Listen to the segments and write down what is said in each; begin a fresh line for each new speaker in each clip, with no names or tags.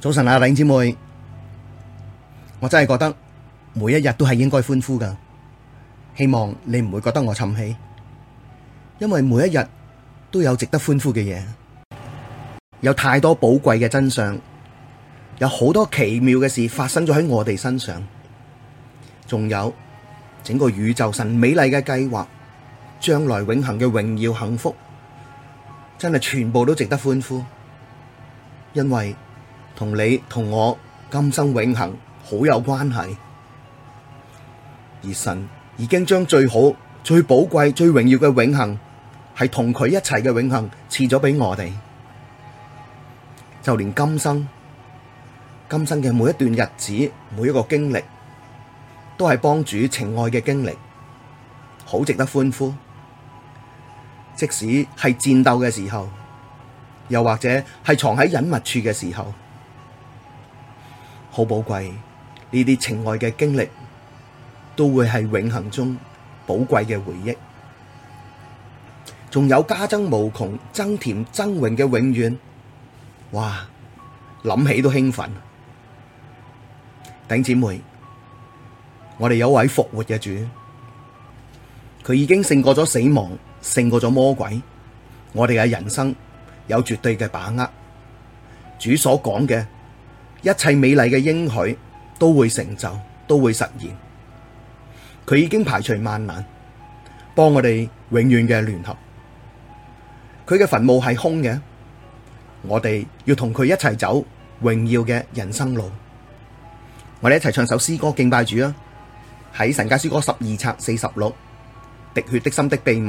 早晨啊，玲姐妹，我真係覺得每一日都係應該歡呼噶。希望你唔會覺得我沉氣，因為每一日都有值得歡呼嘅嘢，有太多寶貴嘅真相，有好多奇妙嘅事發生咗喺我哋身上，仲有整個宇宙神美麗嘅計劃，將來永恆嘅榮耀幸福，真係全部都值得歡呼，因為同你同我今生永恒好有關係，而神已經將最好、最寶貴、最榮耀嘅永恒，係同佢一齊嘅永恒賜咗畀我哋。就連今生、今生嘅每一段日子、每一個經歷，都係幫主情愛嘅經歷，好值得歡呼。即使係戰鬥嘅時候，又或者係藏喺隱密處嘅時候。好寶貴呢啲情愛嘅經歷，都會係永恆中寶貴嘅回憶。仲有加增無窮、增甜增榮嘅永遠，哇！諗起都興奮。頂姐妹，我哋有位復活嘅主，佢已經勝過咗死亡，勝過咗魔鬼。我哋嘅人生有絕對嘅把握。主所講嘅。一切美麗嘅應許都會成就，都會實現。佢已經排除萬難，幫我哋永遠嘅聯合。佢嘅墳墓係空嘅，我哋要同佢一齊走榮耀嘅人生路。我哋一齊唱首詩歌敬拜主啊！喺神家詩歌十二冊四十六，《滴血的心的秘密》。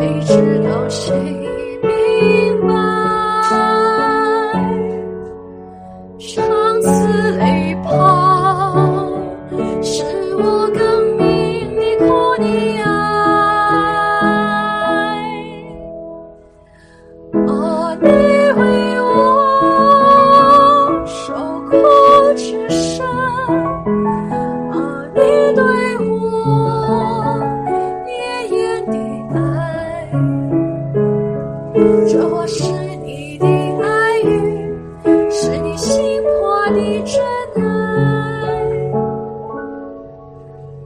誰知道誰？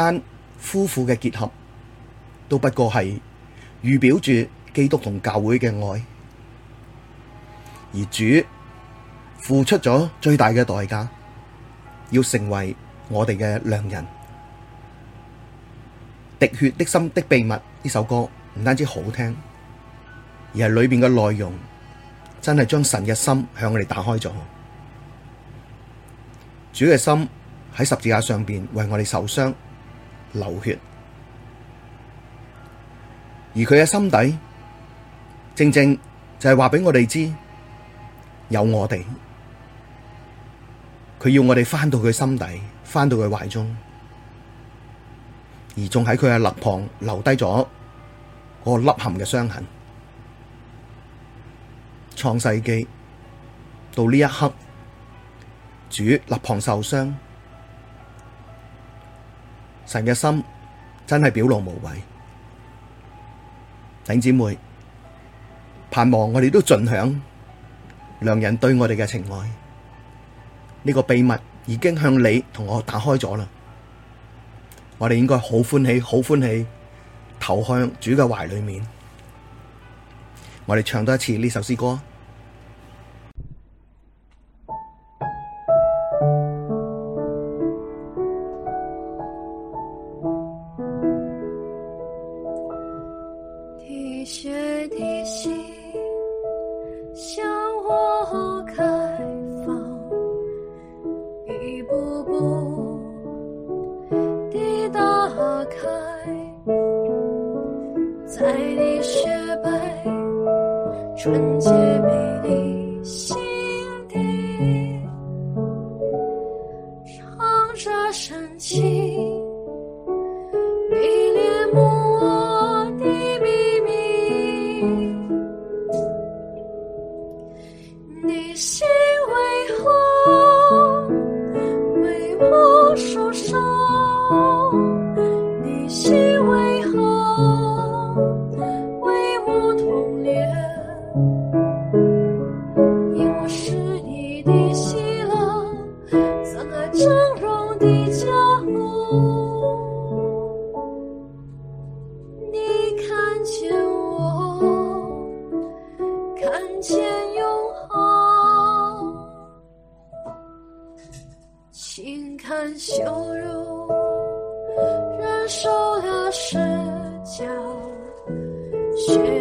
間夫婦嘅結合，都不過係預表住基督同教會嘅愛，而主付出咗最大嘅代價，要成為我哋嘅良人。滴血的心的秘密呢首歌唔單止好聽，而係裏邊嘅內容真係將神嘅心向我哋打開咗。主嘅心喺十字架上邊為我哋受傷。流血，而佢嘅心底，正正就係話畀我哋知，有我哋，佢要我哋翻到佢心底，翻到佢懷中，而仲喺佢嘅肋旁留低咗嗰凹陷嘅傷痕，創世記到呢一刻，主肋旁受傷。神嘅心真係表露無遺，弟兄姊妹，盼望我哋都盡享良人對我哋嘅情愛。呢個秘密已經向你同我打開咗啦，我哋應該好歡喜，好歡喜，投向主嘅懷裏面。我哋唱多一次呢首詩歌。
你心。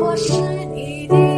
我是你的。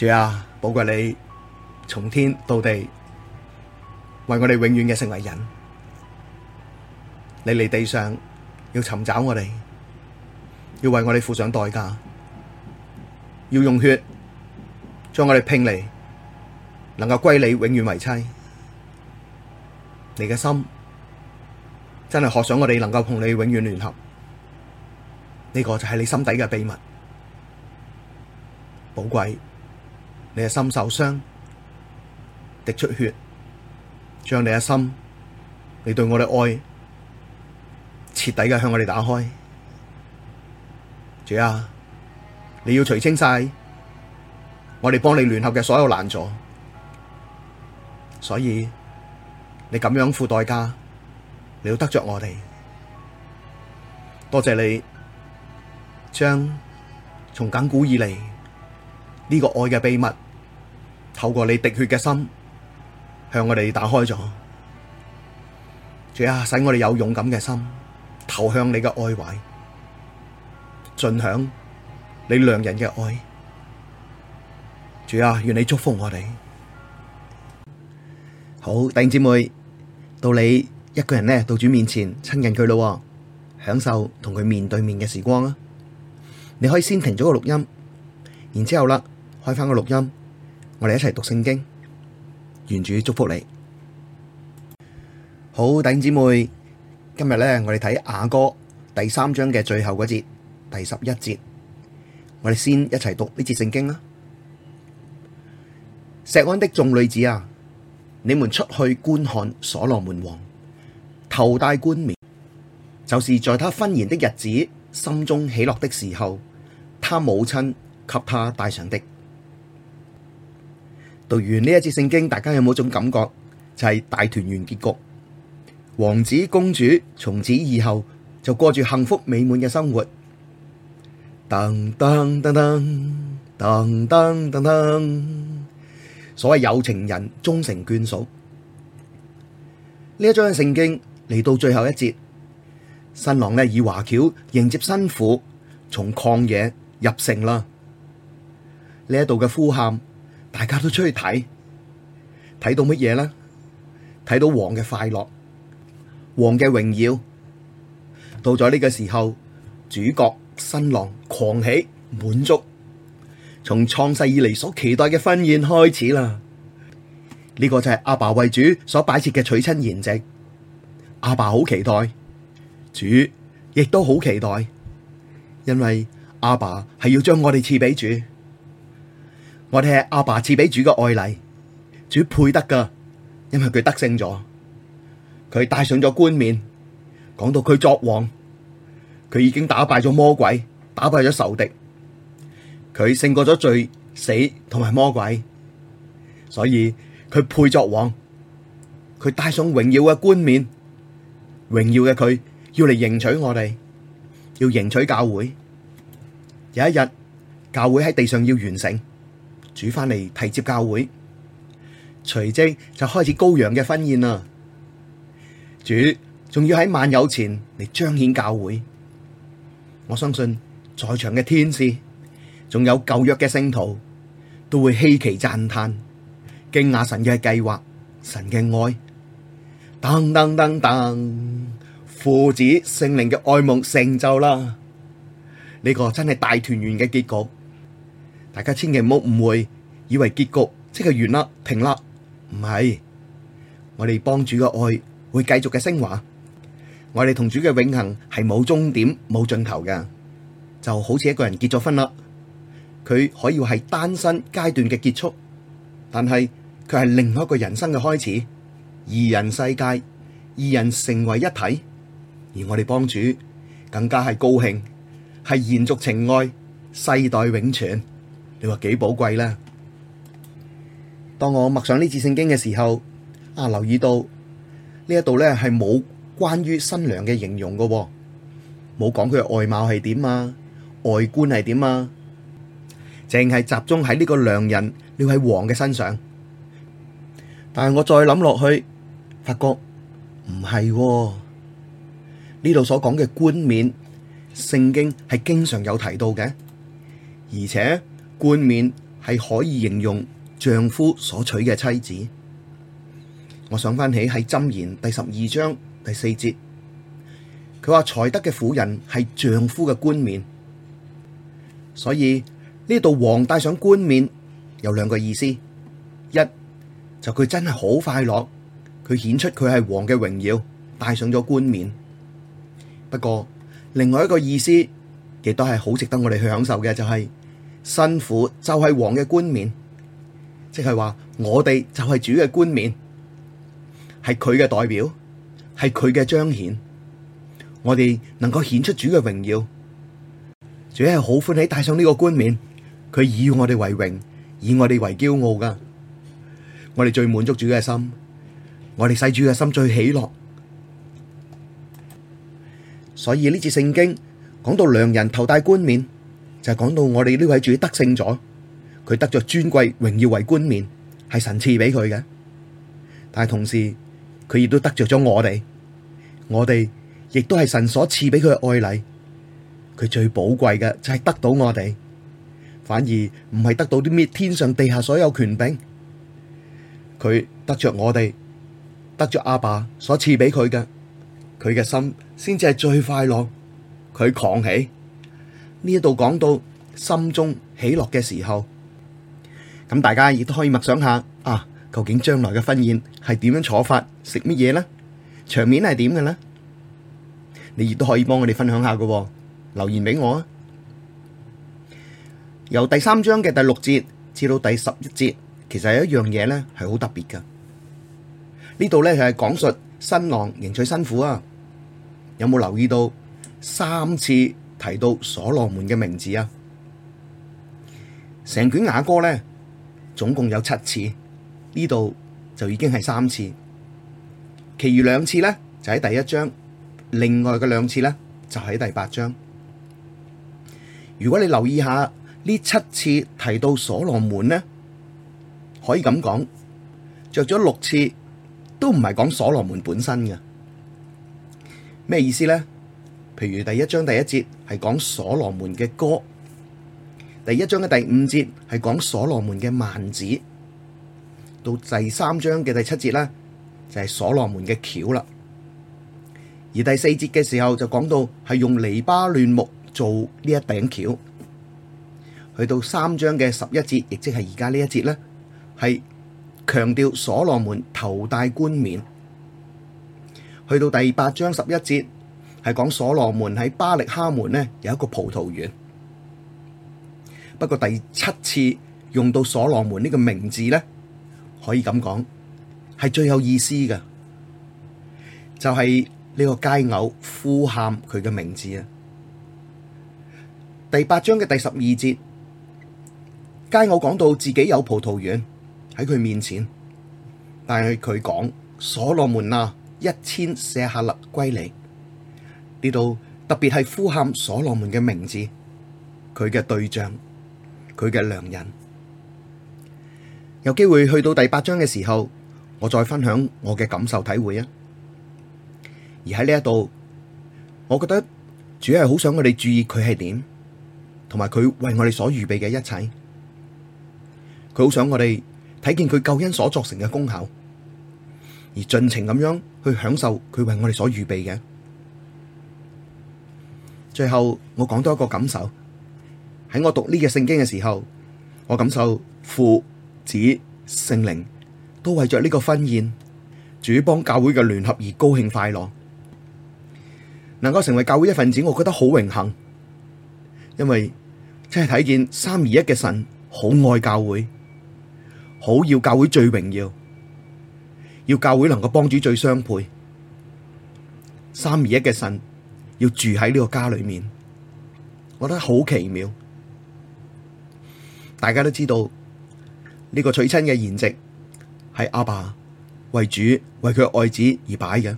主啊，寶貴你從天到地為我哋永遠嘅成為人，你嚟地上要尋找我哋，要為我哋付上代價，要用血將我哋聘嚟，能夠歸你永遠為妻。你嘅心真係渴想我哋能夠同你永遠聯合，呢、這個就係你心底嘅秘密，寶貴。你嘅心受傷，滴出血，將你嘅心，你對我嘅愛徹底嘅向我哋打開，主啊，你要除清晒，我哋幫你聯合嘅所有難阻，所以你咁樣付代價，你要得着我哋，多謝你將從亙古以嚟，呢個愛嘅秘密透過你滴血嘅心向我哋打開咗，主啊，使我哋有勇敢嘅心投向你嘅愛懷，盡享你良人嘅愛。主啊，願你祝福我哋。好，弟兄姊妹，到你一個人呢，到主面前親近佢咯，享受同佢面對面嘅時光啊！你可以先停咗個錄音，然之後啦。開翻個錄音，我哋一齊讀聖經。願主祝福你，好，弟兄姊妹。今日咧，我哋睇雅歌第三章嘅最後嗰節，第十一節。我哋先一齊讀呢節聖經啦。錫安的眾女子啊，你們出去觀看所羅門王，頭戴冠冕，就是在他婚筵的日子，心中喜樂的時候，他母親給他戴上的。讀完呢一節聖經，大家有冇種感覺？就係、是、大團圓結局，王子公主從此以後就過住幸福美滿嘅生活。噔噔噔噔噔噔噔噔，所謂有情人終成眷屬。呢一章嘅聖經嚟到最後一節，新郎咧以華轎迎接新婦，從曠野入城啦。呢一度嘅呼喊。大家都出去睇，睇到乜嘢啦？睇到王嘅快樂，王嘅榮耀。到咗呢個時候，主角新郎狂喜滿足，從創世以嚟所期待嘅婚宴開始啦。呢個就係阿爸為主所擺設嘅娶親筵席。阿爸好期待，主亦都好期待，因為阿爸係要將我哋賜俾主。我哋係阿爸賜俾主嘅愛禮，主配得噶，因為佢得勝咗，佢戴上咗冠冕。講到佢作王，佢已經打敗咗魔鬼，打敗咗仇敵，佢勝過咗罪死同埋魔鬼，所以佢配作王，佢戴上榮耀嘅冠冕，榮耀嘅佢要嚟迎娶我哋，要迎娶教會。有一日教會喺地上要完成。主翻嚟提接教會，隨即就開始羔羊嘅婚宴啦。主仲要喺萬有前嚟彰顯教會，我相信在場嘅天使，仲有舊約嘅聖徒，都會稀奇讚嘆，驚訝神嘅計劃，神嘅愛。等等等等，父子聖靈嘅愛夢成就啦！呢個真係大團圓嘅結局。大家千祈唔好誤會，以為結局即係完啦、停啦，唔係。我哋幫主嘅愛會繼續嘅升華，我哋同主嘅永恒係冇終點、冇盡頭嘅。就好似一個人結咗婚啦，佢可以係單身階段嘅結束，但係佢係另外一個人生嘅開始，二人世界，二人成為一體，而我哋幫主更加係高興，係延續情愛，世代永存。你話幾寶貴啦？當我默上呢次聖經嘅時候，啊，留意到呢一度咧係冇關於新娘嘅形容噶、哦，冇講佢外貌係點啊，外觀係點啊，淨係集中喺呢個良人呢位王嘅身上。但係我再諗落去，發覺唔係喎。呢度所講嘅冠冕聖經係經常有提到嘅，而且。冠冕係可以形容丈夫所娶嘅妻子。我想翻起喺箴言第十二章第四節，佢話才德嘅婦人係丈夫嘅冠冕。所以呢度王戴上冠冕有兩個意思一，一就佢真係好快樂，佢顯出佢係王嘅榮耀，戴上咗冠冕。不過另外一個意思亦都係好值得我哋去享受嘅，就係、是。辛苦就係王嘅冠冕，即係話我哋就係主嘅冠冕，係佢嘅代表，係佢嘅彰顯。我哋能夠顯出主嘅榮耀，主係好歡喜帶上呢個冠冕，佢以我哋為榮，以我哋為驕傲噶。我哋最滿足主嘅心，我哋使主嘅心最喜樂。所以呢節聖經講到良人頭戴冠冕。就係講到我哋呢位主得勝咗，佢得着尊貴榮耀為冠冕，係神賜俾佢嘅。但係同時，佢亦都得着咗我哋，我哋亦都係神所賜俾佢嘅愛禮。佢最寶貴嘅就係得到我哋，反而唔係得到啲咩天上地下所有權柄。佢得着我哋，得着阿爸所賜俾佢嘅，佢嘅心先至係最快樂。佢狂起。呢一度講到心中喜樂嘅時候，咁大家亦都可以默想下啊，究竟將來嘅婚宴係點樣坐法，食乜嘢呢？場面係點嘅呢？你亦都可以幫我哋分享下嘅，留言俾我啊！由第三章嘅第六節至到第十一節，其實有一樣嘢咧係好特別嘅。呢度咧係講述新郎迎娶新婦啊，有冇留意到三次？提到所羅門嘅名字啊，成卷雅歌呢，總共有七次，呢度就已經係三次，其餘兩次呢，就喺第一章，另外嘅兩次呢，就喺第八章。如果你留意下呢七次提到所羅門呢，可以咁講，着咗六次都唔係講所羅門本身嘅，咩意思呢？譬如第一章第一節係講所羅門嘅歌，第一章嘅第五節係講所羅門嘅幔子，到第三章嘅第七節呢，就係、是、所羅門嘅轎啦。而第四節嘅時候就講到係用黎巴嫩木做呢一頂轎，去到三章嘅十一節，亦即係而家呢一節呢，係強調所羅門頭戴冠冕，去到第八章十一節。係講所羅門喺巴力哈門咧，有一個葡萄園，不過第七次用到所羅門呢個名字呢，可以咁講係最有意思嘅，就係、是、呢個佳偶呼喊佢嘅名字啊。第八章嘅第十二節，佳偶講到自己有葡萄園喺佢面前，但係佢講所羅門啊，一千舍客勒歸你。呢度特別係呼喊所羅門嘅名字，佢嘅對象，佢嘅良人。有機會去到第八章嘅時候，我再分享我嘅感受體會啊！而喺呢一度，我覺得主要係好想我哋注意佢係點，同埋佢為我哋所預備嘅一切。佢好想我哋睇見佢救恩所作成嘅功效，而盡情咁樣去享受佢為我哋所預備嘅。最後我講多一個感受，喺我讀呢個聖經嘅時候，我感受父、子、聖靈都為着呢個婚宴主幫教會嘅聯合而高興快樂。能夠成為教會一份子，我覺得好榮幸，因為真係睇見三而一嘅神好愛教會，好要教會最榮耀，要教會能夠幫主最相配，三而一嘅神。要住喺呢個家裏面，我覺得好奇妙。大家都知道呢、這個娶親嘅筵席係阿爸為主為佢愛子而擺嘅。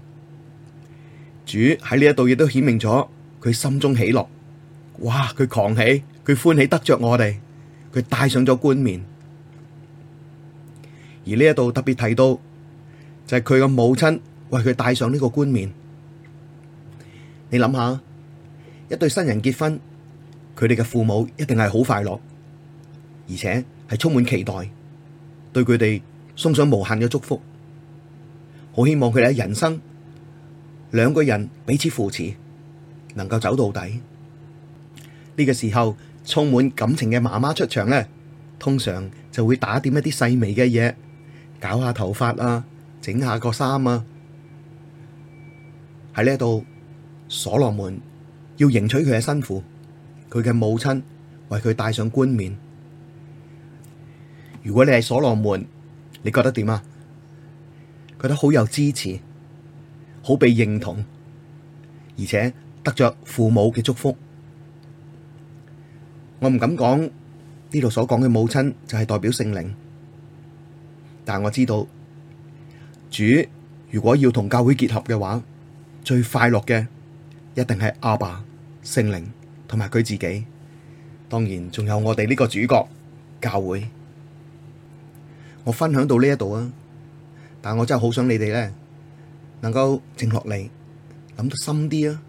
主喺呢一度亦都顯明咗佢心中喜樂。哇！佢狂喜，佢歡喜得着我哋，佢戴上咗冠冕。而呢一度特別提到，就係佢嘅母親為佢戴上呢個冠冕。你諗下，一對新人結婚，佢哋嘅父母一定係好快樂，而且係充滿期待，對佢哋送上無限嘅祝福。好希望佢哋喺人生兩個人彼此扶持，能夠走到底。呢個時候充滿感情嘅媽媽出場咧，通常就會打點一啲細微嘅嘢，搞下頭髮啊，整下個衫啊，喺呢度。所羅門要迎娶佢嘅新婦，佢嘅母親為佢帶上冠冕。如果你係所羅門，你覺得點啊？覺得好有支持，好被認同，而且得着父母嘅祝福。我唔敢講呢度所講嘅母親就係代表聖靈，但我知道主如果要同教會結合嘅話，最快樂嘅。一定係阿爸、聖靈同埋佢自己，當然仲有我哋呢個主角教會。我分享到呢一度啊，但我真係好想你哋咧，能夠靜落嚟，諗得深啲啊！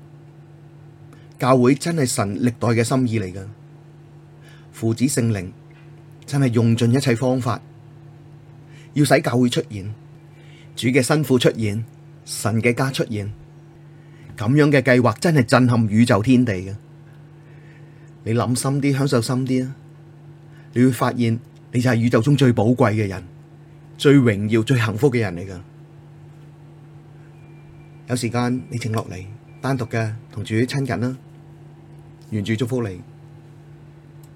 教會真係神歷代嘅心意嚟噶，父子聖靈真係用盡一切方法，要使教會出現，主嘅新婦出現，神嘅家出現。咁樣嘅計劃真係震撼宇宙天地嘅，你諗深啲，享受深啲啦，你會發現你就係宇宙中最寶貴嘅人，最榮耀、最幸福嘅人嚟噶。有時間你靜落嚟，單獨嘅同主親近啦，願主祝福你。